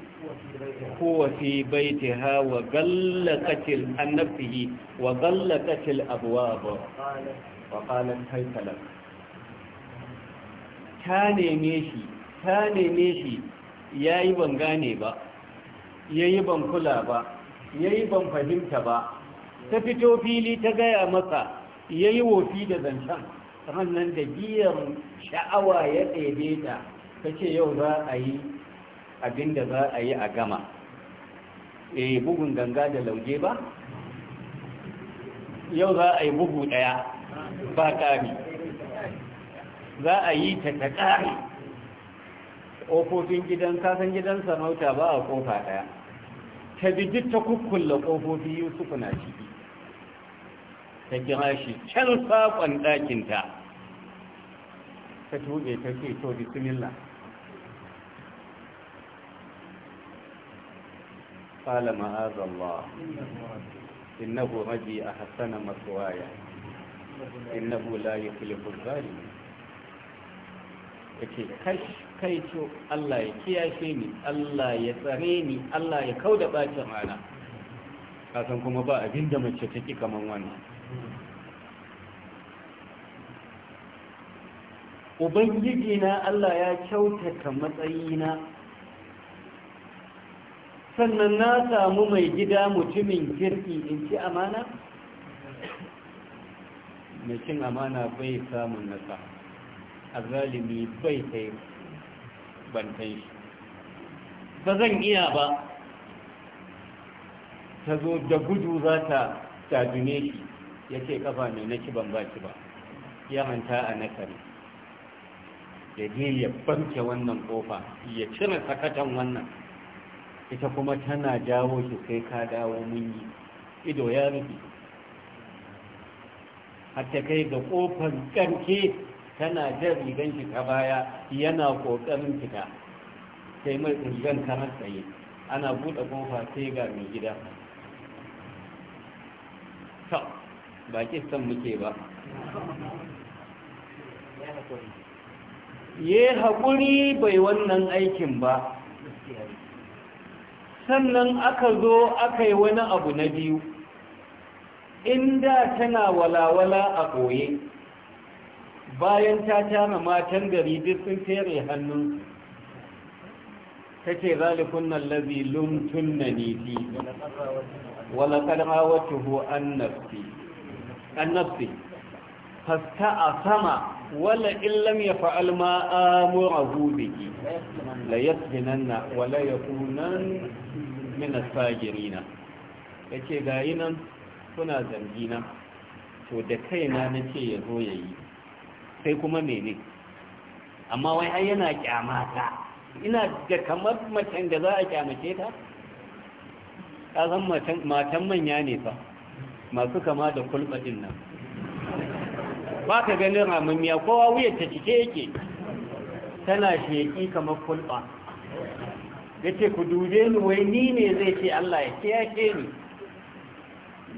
huwa fi baitiha wa gallakacin annabihi wa abuwa ba wa kanan haytala ta neme shi ta neme shi yi ban gane ba ya yi ban kula ba ya yi ban fahimta ba ta fito fili ta gaya ya yi wofi da zancen sannan da giyar sha'awa ya ɗebe ta ta ce yau za a yi abin da za a yi a gama eh bugun ganga da lauje ba yau za a yi bugu ɗaya ba ƙari za a yi ta ta ƙari ƙofofin gidan kasan gidan sarauta ba a ƙofa ɗaya ta bidit ta kukkulla ƙofofi yusufu na ciki ta kira shi can saƙon ɗakinta ta tuɗe ta ke to bismillah قال معاذ الله إنه ربي أحسن مثواي إنه لا يفلح الظالم yake kash kai to Allah ya kiyashe ni Allah ya tsare ni Allah ya kauda bacin rana kasan kuma ba abin da mace take kaman wannan ubangiji na Allah ya kyautata matsayina sannan na samu mai gida mutumin kirki in ci amana mai cin amana bai samun nasa a zalimi bai sai bantan shi ba zan iya ba ta zo da gudu za ta tajune shi ya ce kafa mai na ban ba ki ba ya manta a nasari ya je ya banke wannan kofa ya cire sakatan wannan ita kuma tana jawo ki sai ka dawo mun yi ido ya rufe hatta kai da kofar karke tana jan rigan ki ta baya yana kokarin fita sai mai rigan kamar tsaye ana buɗe kofa sai ga mai gida to ba san muke ba ye haƙuri bai wannan aikin ba sannan aka zo aka yi wani abu na biyu inda tana walawala a ɓoye bayan ta tara matan gari duk sun tere hannun ta ce zalikun nan lazi lumtun na nifi walakar tuhu an nafsi haska a sama wala illam ya fa'al ma'amura hubiki la na wala ya kunan minas girina. ya ce gayi nan suna zargina to da kaina na ce ya zo ya yi sai kuma mene amma wai har yana kyamata ina da kamar macen da za a kyamace ta ƙasan matan manya ne fa masu kama da kulɓaɗin nan ba ka ganin ramamiya kowa wuyar ta cike yake tana sheƙi kamar kulɓa ya ce ku dube ni wai ni ne zai ce Allah ya ce ya ce ni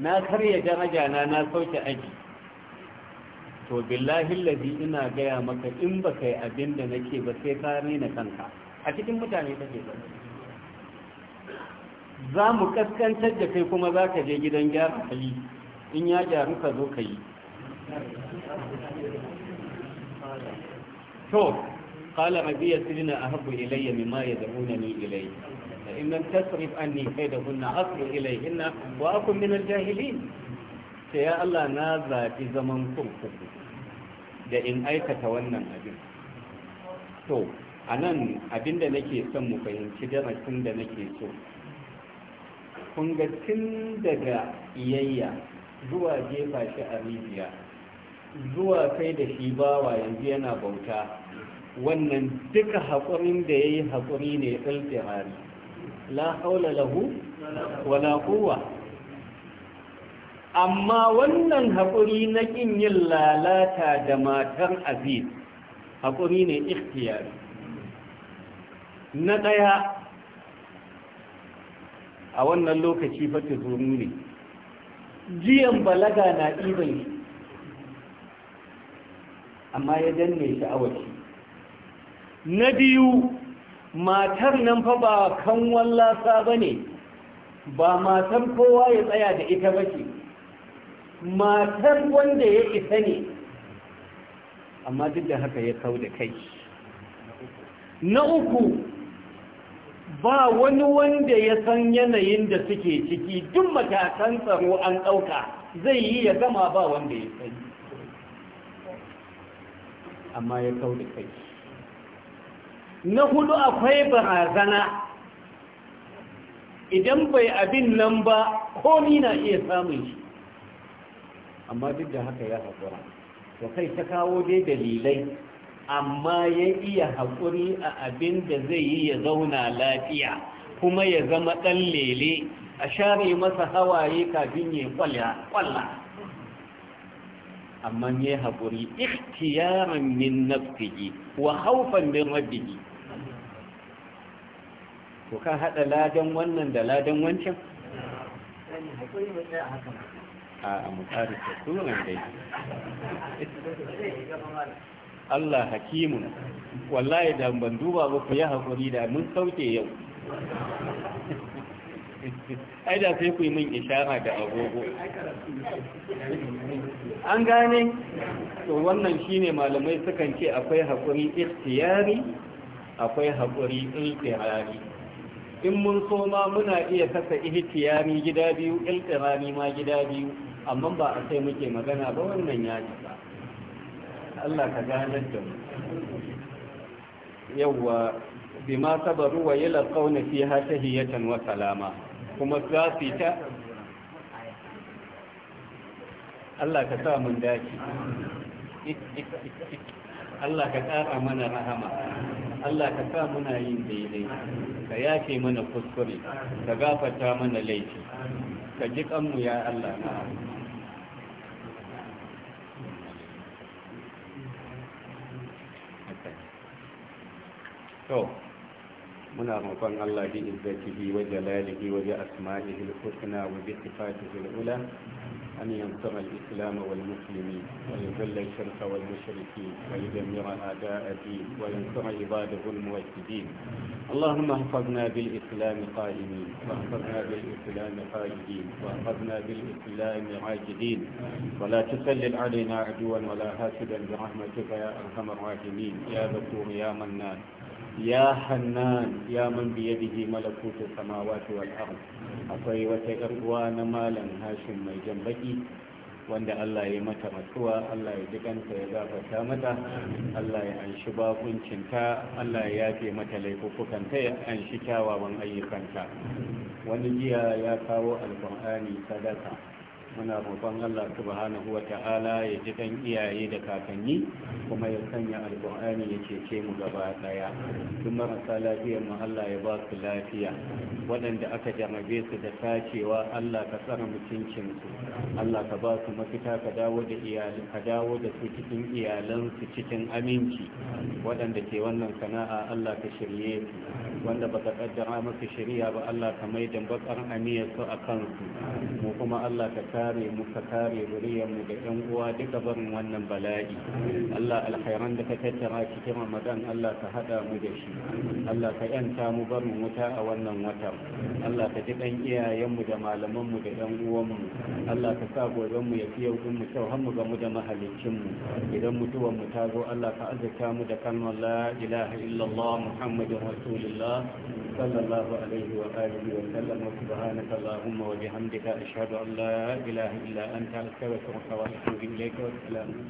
na karya daraja na na sauke aji to billahi lazi ina gaya maka in ba kai abin da nake ba sai ka raina kanka a cikin mutane take ba za mu kaskantar da kai kuma za ka je gidan gyara hali in ya gyaru ka zo ka yi to qala rabiya sirna ahabbu ilayya mimma yad'unani ilayhi fa in lam tasrif anni kaydahunna asru ilayhinna wa akun min al-jahilin sai ya Allah na zaɓi zaman kurkuku da in aikata wannan abin to a nan abin da nake son mu fahimci darasin da nake so kun ga tun daga iyayya zuwa jefa shi a rijiya zuwa kai da shi bawa yanzu yana bauta wannan duka haƙurin da ya yi haƙuri ne ɗalfihari la haula lahu wala kowa amma wannan haƙuri na ƙin yin lalata da matar aziz haƙuri ne ikhtiyari na ɗaya a wannan lokaci fata zuru ne jiyan balaga na ɗiban shi amma ya danne a wace na biyu matar nan fa ba kanwan lasa ba ne ba matar kowa ya tsaya da ita ba ce matar wanda ya isa ne amma duk da haka ya kau da kai na uku ba wani wanda ya san yanayin da suke ciki duk matakan tsaro an ɗauka zai yi ya gama ba wanda ya sani amma ya kau da kai na hudu akwai barazana idan bai abin nan ba komi na iya samun shi amma duk da haka ya haƙura da kai ta kawo dai dalilai amma ya iya haƙuri a abin da zai yi ya zauna lafiya kuma ya zama ɗan lele a share masa hawaye kafin ya kwalla amma ya haƙuri ikhtiyaran min nafsihi wa khawfan min rabbihi to ka hada ladan wannan da ladan wancan a mu tsari ta sunan dai Allah hakimun wallahi da ban duba ba ku yi haƙuri da mun sauke yau ai sai ku yi min ishara da agogo an gane to wannan shine malamai sukan ce akwai haƙuri ikhtiyari akwai haƙuri iltirari in mun so ma muna iya kasa ikhtiyari gida biyu iltirari ma gida biyu amma ba a sai muke magana ba wannan ya ji ba Allah ka gane da mu yawwa bima sabaru wa yalqawna fiha tahiyatan wa salama kuma za su ta Allah ka sa mun dace Allah ka ƙara mana rahama Allah ka sa muna yin daidai ka yake mana kuskure ka gafata mana laifi ka ji kanmu ya Allah na to muna roƙon Allah bi izzatihi wa jalalihi wa bi أن ينصر الإسلام والمسلمين ويذل الشرك والمشركين ويدمر أعداء الدين وينصر عباده الموحدين اللهم احفظنا بالإسلام قائمين واحفظنا بالإسلام قائدين واحفظنا بالإسلام عاجدين ولا تسلل علينا عدوا ولا هاسدا برحمتك يا أرحم الراحمين يا ذكور يا منان ya hannan ya man biye bihi malakutu samawati wal ard akwai wata yar uwa na malam hashin mai jambaki wanda Allah ya mata rasuwa Allah ya ji kanta ya gafarta mata Allah ya anshi bakuncinta Allah ya yafe mata ta, ya anshi kyawawan ayyukanta wani jiya ya kawo alkur'ani sadaka muna roƙon Allah subhanahu wa ta'ala ya ji kan iyaye da kakanni kuma ya sanya alƙur'ani ya cece mu gaba daya duk marasa lafiyar mu Allah ya ba su lafiya waɗanda aka jarrabe su da sacewa Allah ka tsara mutuncin su Allah ka ba su mafita ka dawo da iyali ka dawo da su cikin iyalan su cikin aminci waɗanda ke wannan sana'a Allah ka shirye su wanda baka kaddara musu shari'a ba Allah ka mai bakar aniyar su akan su mu kuma Allah ka kare mu ka kare zuriyar mu da yan uwa duka barin wannan bala'i Allah alkhairan da ka tattara cikin Ramadan Allah ka hada mu da shi Allah ka yanta mu barin wuta a wannan watan Allah ka ji dan iyayenmu da malamanmu da yan uwan Allah ka sa goben mu ya fi yau mu kyau har mu ga mu da mahalicin mu idan mutuwar mu ta zo Allah ka azurta mu da kalmar la ilaha illallah muhammadin rasulullah sallallahu alaihi wa alihi wa sallam wa subhanaka allahumma wa bihamdika ashhadu an la ilaha إله إلا أنت أستغفرك وأتوب إليك والسلام